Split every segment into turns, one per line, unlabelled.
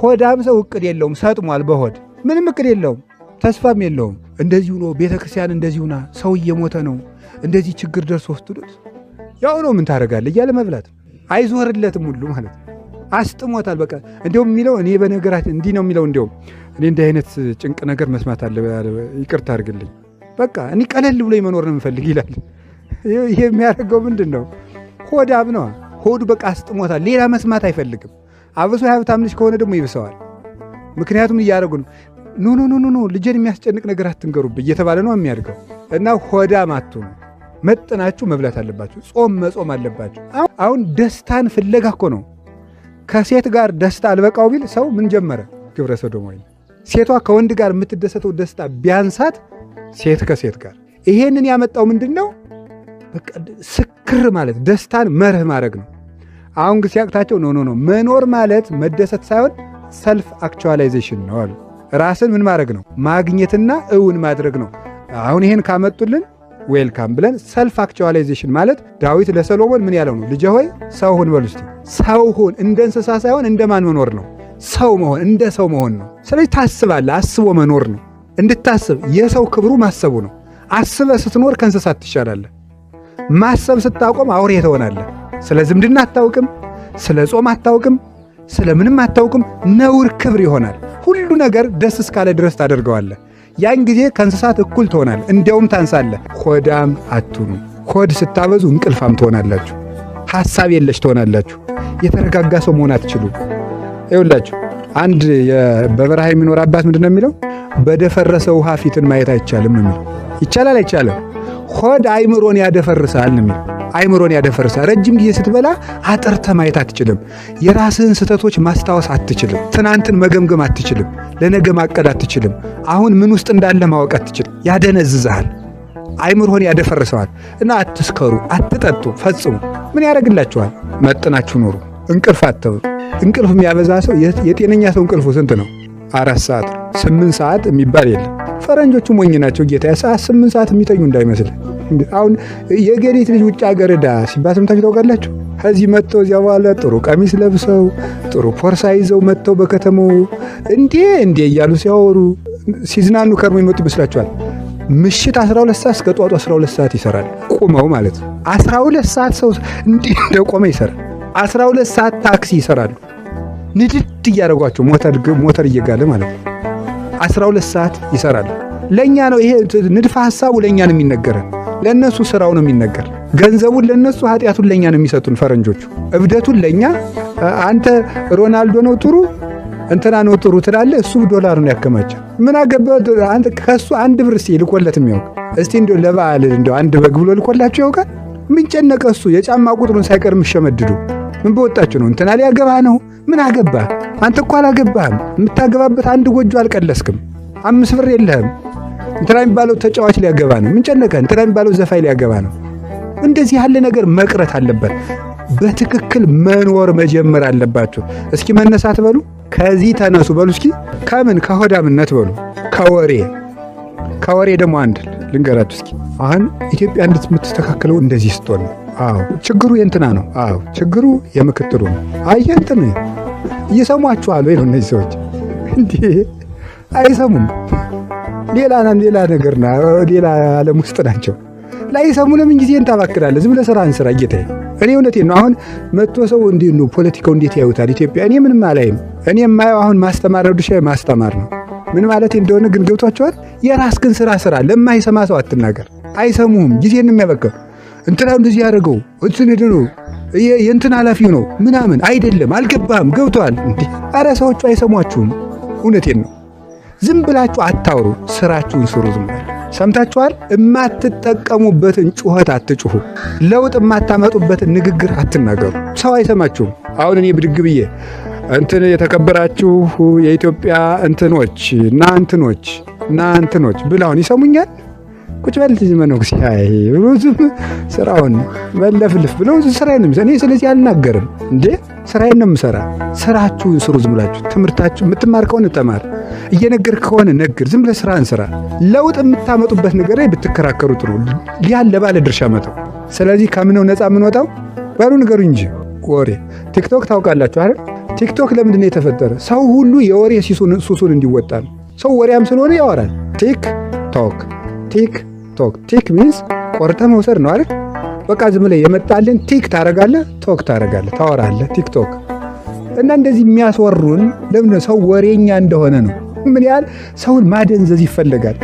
ሆዳም ሰው እቅድ የለውም፣ ሰጥሟል። በሆድ ምንም እቅድ የለውም፣ ተስፋም የለውም። እንደዚሁ ነው ቤተ ክርስቲያን ና ሰው እየሞተ ነው፣ እንደዚህ ችግር ደርሶ ስትሉት ያው ነው ምን ታደርጋለህ እያለ መብላት አይዞርለትም ሁሉ ማለት አስጥሞታል። በቃ እንዲሁም የሚለው እኔ በነገራችን እንዲህ ነው የሚለው እንዲሁም እኔ እንዲህ አይነት ጭንቅ ነገር መስማት አለ ይቅርታ አድርግልኝ፣ በቃ እኔ ቀለል ብሎ መኖር ነው የምፈልግ ይላል። ይሄ የሚያደርገው ምንድን ነው? ሆዳም ነዋ። ሆዱ በቃ አስጥሞታል። ሌላ መስማት አይፈልግም። አብሶ የሀብታም ልጅ ከሆነ ደግሞ ይብሰዋል። ምክንያቱም እያደረጉ ነው። ኖ ኖ ኖ ኑ ልጄን የሚያስጨንቅ ነገር አትንገሩብ እየተባለ ነው የሚያድገው እና ሆዳም አትሁኑ። መጥናችሁ መብላት አለባችሁ። ጾም መጾም አለባችሁ። አሁን ደስታን ፍለጋ እኮ ነው። ከሴት ጋር ደስታ አልበቃው ቢል ሰው ምን ጀመረ? ግብረ ወይ ሴቷ ከወንድ ጋር የምትደሰተው ደስታ ቢያንሳት ሴት ከሴት ጋር ይሄንን ያመጣው ምንድን ነው? ስክር ማለት ደስታን መርህ ማድረግ ነው። አሁን ግን ሲያቅታቸው ኖ ኖ ኖ መኖር ማለት መደሰት ሳይሆን ሰልፍ አክቹዋላይዜሽን ነው አሉ። ራስን ምን ማድረግ ነው? ማግኘትና እውን ማድረግ ነው። አሁን ይህን ካመጡልን ዌልካም ብለን ሰልፍ አክቹዋላይዜሽን ማለት ዳዊት ለሰሎሞን ምን ያለው ነው? ልጄ ሆይ ሰው ሁን በሉ ሰው ሁን እንደ እንስሳ ሳይሆን እንደ ማን መኖር ነው? ሰው መሆን፣ እንደ ሰው መሆን ነው። ስለዚህ ታስባለ አስቦ መኖር ነው። እንድታስብ የሰው ክብሩ ማሰቡ ነው። አስበ ስትኖር ከእንስሳት ትሻላለህ። ማሰብ ስታቆም አውሬ ትሆናለህ። ስለ ዝምድና አታውቅም፣ ስለ ጾም አታውቅም፣ ስለ ምንም አታውቅም። ነውር ክብር ይሆናል። ሁሉ ነገር ደስ እስካለ ድረስ ታደርገዋለህ። ያን ጊዜ ከእንስሳት እኩል ትሆናል፣ እንዲያውም ታንሳለህ። ሆዳም አትሁኑ። ሆድ ስታበዙ እንቅልፋም ትሆናላችሁ፣ ሐሳብ የለሽ ትሆናላችሁ። የተረጋጋ ሰው መሆን አትችሉ። ይውላችሁ አንድ በበረሃ የሚኖር አባት ምንድን ነው የሚለው? በደፈረሰ ውሃ ፊትን ማየት አይቻልም ነው የሚለው። ይቻላል አይቻልም። ሆድ አይምሮን ያደፈርሳል ነው የሚለው። አይምሮን ያደፈርሳል። ረጅም ጊዜ ስትበላ አጥርተ ማየት አትችልም። የራስህን ስህተቶች ማስታወስ አትችልም። ትናንትን መገምገም አትችልም። ለነገ ማቀድ አትችልም። አሁን ምን ውስጥ እንዳለ ማወቅ አትችልም። ያደነዝዝሃል። አይምሮን ያደፈርሰዋል። እና አትስከሩ፣ አትጠጡ፣ ፈጽሙ። ምን ያደርግላችኋል? መጥናችሁ ኑሩ። እንቅልፍ አተው እንቅልፍ የሚያበዛ ሰው የጤነኛ ሰው እንቅልፉ ስንት ነው? አራት ሰዓት፣ ስምንት ሰዓት የሚባል የለም። ፈረንጆቹ ሞኝ ናቸው ጌታ ሰዓት ስምንት ሰዓት የሚተኙ እንዳይመስል። አሁን የገሪት ልጅ ውጭ ሀገር ዳ ሲባል ሰምታችሁ ታውቃላችሁ? ከዚህ መጥተው እዚያ በኋላ ጥሩ ቀሚስ ለብሰው ጥሩ ፖርሳ ይዘው መጥተው በከተማው እንዴ እንዴ እያሉ ሲያወሩ ሲዝናኑ ከርሞ ይመጡ ይመስላችኋል? ምሽት 12 ሰዓት እስከ ጧቱ 12 ሰዓት ይሰራል። ቁመው ማለት ነው። 12 ሰዓት ሰው እንዲህ እንደቆመ ይሰራል። 12 ሰዓት ታክሲ ይሰራሉ። ንድድ እያደረጓቸው ሞተር እየጋለ ማለት ነው። 12 ሰዓት ይሰራል። ለእኛ ነው ይሄ ንድፈ ሐሳቡ ለእኛ ነው የሚነገረን። ለእነሱ ስራው ነው የሚነገር። ገንዘቡን ለእነሱ ኃጢአቱን ለእኛ ነው የሚሰጡን ፈረንጆቹ። እብደቱን ለእኛ አንተ ሮናልዶ ነው ጥሩ እንትና ነው ጥሩ ትላለህ። እሱ ዶላር ነው ያከማቸ። ምን አገባ ከእሱ አንድ ብር ስ ልቆለት የሚያውቅ እስቲ እንዲ ለበዓል እንዲ አንድ በግ ብሎ ልቆላቸው ያውቃል። ምን ጨነቀ እሱ የጫማ ቁጥሩን ሳይቀር የሚሸመድዱ ምን በወጣችሁ ነው? እንትና ሊያገባ ነው። ምን አገባህ አንተ? እኮ አላገባህም። የምታገባበት አንድ ጎጆ አልቀለስክም። አምስት ብር የለህም። እንትና የሚባለው ተጫዋች ሊያገባ ነው። ምን ጨነቀህ? እንትና የሚባለው ዘፋኝ ሊያገባ ነው። እንደዚህ ያለ ነገር መቅረት አለበት። በትክክል መኖር መጀመር አለባችሁ። እስኪ መነሳት በሉ፣ ከዚህ ተነሱ በሉ። እስኪ ከምን ከሆዳምነት በሉ፣ ከወሬ ከወሬ ደግሞ አንድ ልንገራችሁ እስኪ። አሁን ኢትዮጵያ እንድትምትስተካከለው እንደዚህ ስትሆን ነው አዎ ችግሩ የእንትና ነው። አዎ ችግሩ የምክትሉ ነው። አየህ እንትን ይሰሟችኋል ወይ ነው? እነዚህ ሰዎች እንዲህ አይሰሙም። ሌላ ሌላ ነገር ሌላ ዓለም ውስጥ ናቸው። ላይሰሙ ለምን ጊዜ እንታባክዳለን? ዝም ለስራ ስራ እንስራ ጌታዬ። እኔ እውነቴን ነው። አሁን መቶ ሰው እንዲ ፖለቲካው እንዴት ያዩታል ኢትዮጵያ። እኔ ምንም አላይም። እኔ የማየው አሁን ማስተማር ድሻ ማስተማር ነው። ምን ማለት እንደሆነ ግን ገብቷቸዋል። የራስ ግን ስራ ስራ፣ ለማይሰማ ሰው አትናገር። አይሰሙህም። ጊዜ እንሚያበቀው እንትና እንደዚህ ያደረገው እንትን ሄዶ የእንትን ኃላፊው ነው ምናምን አይደለም። አልገባህም? ገብቷል እንዴ? አረ ሰዎቹ አይሰሟችሁም። እውነቴን ነው። ዝም ብላችሁ አታውሩ፣ ስራችሁን ስሩ። ዝም ብላችሁ ሰምታችኋል። የማትጠቀሙበትን ጩኸት አትጩሁ። ለውጥ የማታመጡበትን ንግግር አትናገሩ። ሰው አይሰማችሁም። አሁን እኔ ብድግ ብዬ እንትን የተከበራችሁ የኢትዮጵያ እንትኖች እና እንትኖች እና እንትኖች ብላውን ይሰሙኛል? ቁጭ በል መነኩሴ ብሎ ዝም ስራውን በለፍልፍ ብሎ ስራዬን ነው እኔ ስለዚህ አልናገርም እንዴ ስራዬን ነው የምሰራ ስራችሁን ስሩ ዝም ብላችሁ ትምህርታችሁ የምትማር ከሆነ ተማር እየነገር ከሆነ ነግር ዝም ብለህ ስራ ለውጥ የምታመጡበት ነገር ላይ ብትከራከሩ ጥሩ ያን ለባለ ድርሻ መጠው ስለዚህ ከምነው ነፃ የምንወጣው በሉ ንገሩ እንጂ ወሬ ቲክቶክ ታውቃላችሁ አይደል ቲክቶክ ለምንድን ነው የተፈጠረ ሰው ሁሉ የወሬ ሱሱን እንዲወጣ ነው ሰው ወሬያም ስለሆነ ያወራል ቲክ ቶክ ቲክ ቶክ ቲክ ሚንስ ቆርጠ መውሰድ ነው አይደል? በቃ ዝም ላይ የመጣልን ቲክ ታረጋለ፣ ቶክ ታረጋለ፣ ታወራለ ቲክ ቶክ እና እንደዚህ የሚያስወሩን ለምን ሰው ወሬኛ እንደሆነ ነው። ምን ያህል ሰውን ማደንዘዝ ይፈለጋል።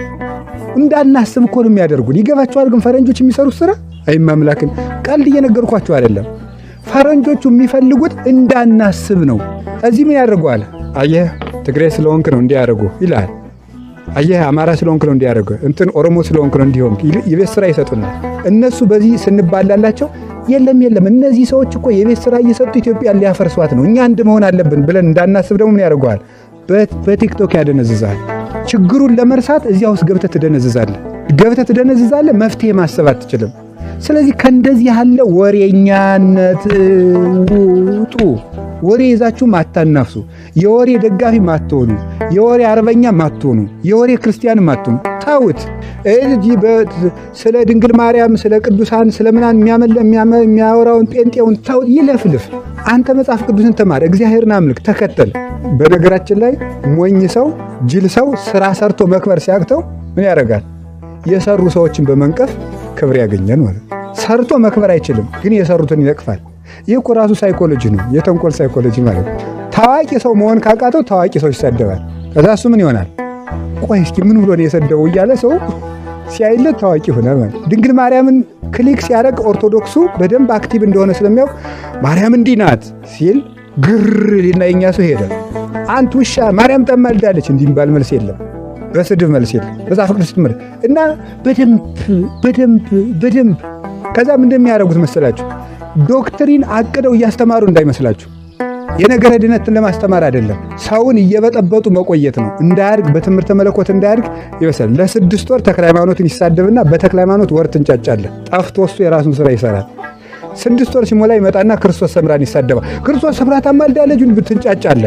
እንዳናስብ እኮ ነው የሚያደርጉን። ይገባቸዋል ግን ፈረንጆች የሚሰሩት ስራ አይማምላክን ቀልድ እየነገርኳቸው አይደለም። ፈረንጆቹ የሚፈልጉት እንዳናስብ ነው። እዚህ ምን ያደርገዋል? አየህ ትግሬ ስለሆንክ ነው እንዲያደርጉ ይላል። አየህ አማራ ስለሆንክ ነው እንዲያደርገ እንትን ኦሮሞ ስለሆንክ ነው እንዲሆን የቤት ስራ ይሰጡናል። እነሱ በዚህ ስንባላላቸው የለም የለም እነዚህ ሰዎች እኮ የቤት ስራ እየሰጡ ኢትዮጵያን ሊያፈርሷት ነው፣ እኛ አንድ መሆን አለብን ብለን እንዳናስብ ደግሞ ምን ያደርገዋል? በቲክቶክ ያደነዝዛል። ችግሩን ለመርሳት እዚያ ውስጥ ገብተህ ትደነዝዛለህ፣ ገብተህ ትደነዝዛለህ። መፍትሄ ማሰብ አትችልም። ስለዚህ ከእንደዚህ ያለ ወሬኛነት ውጡ። ወሬ ይዛችሁ ማታናፍሱ፣ የወሬ ደጋፊ ማትሆኑ፣ የወሬ አርበኛ ማትሆኑ፣ የወሬ ክርስቲያን ማትሆኑ ታውት እዚህ ስለ ድንግል ማርያም፣ ስለ ቅዱሳን፣ ስለ ምናን የሚያወራውን ጴንጤውን ታውት ይለፍልፍ። አንተ መጽሐፍ ቅዱስን ተማር፣ እግዚአብሔርን አምልክ፣ ተከተል። በነገራችን ላይ ሞኝ ሰው፣ ጅል ሰው ስራ ሰርቶ መክበር ሲያቅተው ምን ያደርጋል? የሰሩ ሰዎችን በመንቀፍ ክብር ያገኛል ማለት። ሰርቶ መክበር አይችልም፣ ግን የሰሩትን ይነቅፋል። ይህ እኮ ራሱ ሳይኮሎጂ ነው፣ የተንኮል ሳይኮሎጂ ማለት ነው። ታዋቂ ሰው መሆን ካቃተው ታዋቂ ሰው ይሰደባል። ከዛ እሱ ምን ይሆናል? ቆይ እስኪ ምን ብሎ ነው የሰደበው እያለ ሰው ሲያይለት ታዋቂ ሆነ። ድንግል ማርያምን ክሊክ ሲያደርግ ኦርቶዶክሱ በደንብ አክቲቭ እንደሆነ ስለሚያውቅ ማርያም እንዲህ ናት ሲል ግር ሊና የኛ ሰው ሄደ። አንት ውሻ ማርያም ጠማልዳለች እንዲባል መልስ የለም፣ በስድብ መልስ የለም። መጽሐፍ ቅዱስ ስትምር እና በደንብ በደንብ በደንብ ከዛም እንደሚያደርጉት መሰላችሁ ዶክትሪን አቅደው እያስተማሩ እንዳይመስላችሁ። የነገረ ድነትን ለማስተማር አይደለም፣ ሰውን እየበጠበጡ መቆየት ነው። እንዳያድግ በትምህርተ መለኮት እንዳያድግ ይመስላል። ለስድስት ወር ተክለ ሃይማኖትን ይሳደብና በተክለ ሃይማኖት ወር ትንጫጫለን። ጠፍቶ እሱ የራሱን ስራ ይሰራል። ስድስት ወር ሲሞላ ይመጣና ክርስቶስ ሰምራን ይሳደባል። ክርስቶስ ሰምራ ታማልዳ ልጁን ብትንጫጫለ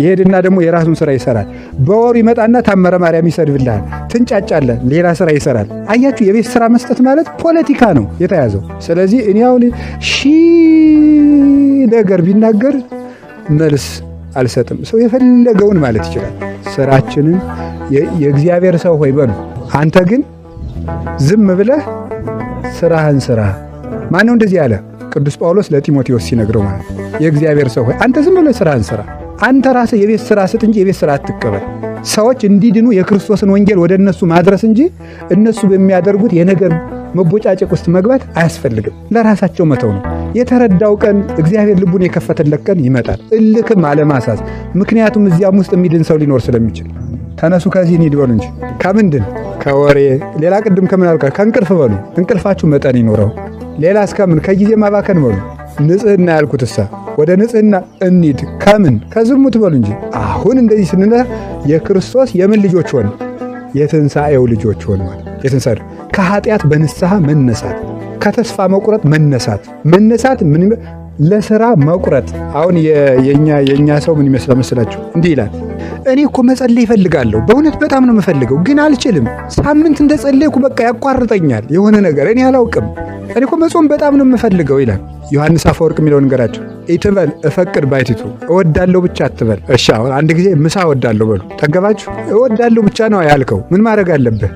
ይሄድና ደግሞ የራሱን ስራ ይሰራል። በወሩ ይመጣና ታመረ ማርያም ይሰድብልሃል። ትንጫጫለ፣ ሌላ ስራ ይሰራል። አያችሁ፣ የቤት ስራ መስጠት ማለት ፖለቲካ ነው የተያዘው። ስለዚህ እኔ አሁን ሺህ ነገር ቢናገር መልስ አልሰጥም። ሰው የፈለገውን ማለት ይችላል። ስራችንን የእግዚአብሔር ሰው ሆይ በሉ። አንተ ግን ዝም ብለህ ስራህን ስራ ማነው እንደዚህ ያለ? ቅዱስ ጳውሎስ ለጢሞቴዎስ ሲነግረው ማለት ነው። የእግዚአብሔር ሰው ሆይ አንተ ዝም ብለህ ሥራህን ሥራ። አንተ ራስህ የቤት ስራ ስጥ እንጂ የቤት ስራ አትቀበል። ሰዎች እንዲድኑ የክርስቶስን ወንጌል ወደ እነሱ ማድረስ እንጂ እነሱ በሚያደርጉት የነገር መቦጫጨቅ ውስጥ መግባት አያስፈልግም። ለራሳቸው መተው ነው። የተረዳው ቀን እግዚአብሔር ልቡን የከፈተለት ቀን ይመጣል። እልክም አለማሳዝ። ምክንያቱም እዚያም ውስጥ የሚድን ሰው ሊኖር ስለሚችል ተነሱ ከዚህ እንሂድ በሉ እንጂ ከምንድን ከወሬ ሌላ ቅድም ከምን አልቀ ከእንቅልፍ በሉ እንቅልፋችሁ መጠን ይኖረው። ሌላ እስከምን ከጊዜ ማባከን በሉ ንጽህና ያልኩትሳ ወደ ንጽህና እንሂድ ከምን ከዝሙት በሉ እንጂ አሁን እንደዚህ ስንነ የክርስቶስ የምን ልጆች ሆን የትንሣኤው ልጆች ሆን ማለት የትንሣኤ ከኃጢአት በንስሐ መነሳት ከተስፋ መቁረጥ መነሳት መነሳት ምን ለስራ መቁረጥ አሁን የኛ የኛ ሰው ምን ይመስላል መስላችሁ እንዲህ ይላል እኔ እኮ መጸለይ ይፈልጋለሁ። በእውነት በጣም ነው የምፈልገው፣ ግን አልችልም። ሳምንት እንደ ጸለይኩ በቃ ያቋርጠኛል የሆነ ነገር እኔ አላውቅም። እኔ እኮ መጾም በጣም ነው የምፈልገው ይላል ዮሐንስ አፈወርቅ የሚለው ነገራቸው ይትበል እፈቅድ ባይቲቱ እወዳለሁ ብቻ አትበል። እሺ አሁን አንድ ጊዜ ምሳ እወዳለሁ በሉ ጠገባችሁ። እወዳለሁ ብቻ ነው ያልከው፣ ምን ማድረግ አለብህ?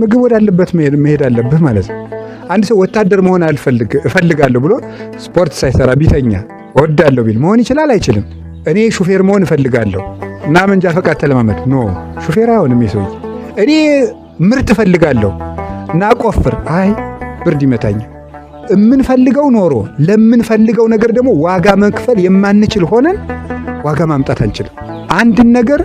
ምግብ ወዳለበት መሄድ አለብህ ማለት ነው። አንድ ሰው ወታደር መሆን አልፈልግ እፈልጋለሁ ብሎ ስፖርት ሳይሰራ ቢተኛ እወዳለሁ ቢል መሆን ይችላል አይችልም? እኔ ሹፌር መሆን እፈልጋለሁ እና መንጃ ፈቃድ ተለማመድ። ኖ ሹፌር አይሆንም የሰውዬ። እኔ ምርት እፈልጋለሁ እና ቆፍር። አይ ብርድ ይመታኝ። የምንፈልገው ኖሮ ለምንፈልገው ነገር ደግሞ ዋጋ መክፈል የማንችል ሆነን ዋጋ ማምጣት አንችልም። አንድን ነገር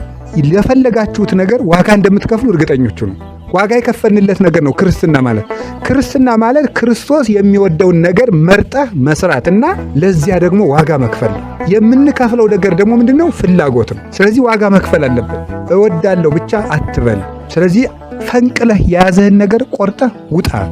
ለፈለጋችሁት ነገር ዋጋ እንደምትከፍሉ እርግጠኞቹ ነው። ዋጋ የከፈልንለት ነገር ነው ክርስትና ማለት። ክርስትና ማለት ክርስቶስ የሚወደውን ነገር መርጠህ መስራት እና ለዚያ ደግሞ ዋጋ መክፈል ነው። የምንከፍለው ነገር ደግሞ ምንድን ነው? ፍላጎት ነው። ስለዚህ ዋጋ መክፈል አለብን። እወዳለሁ ብቻ አትበል። ስለዚህ ፈንቅለህ የያዘህን ነገር ቆርጠህ ውጣ።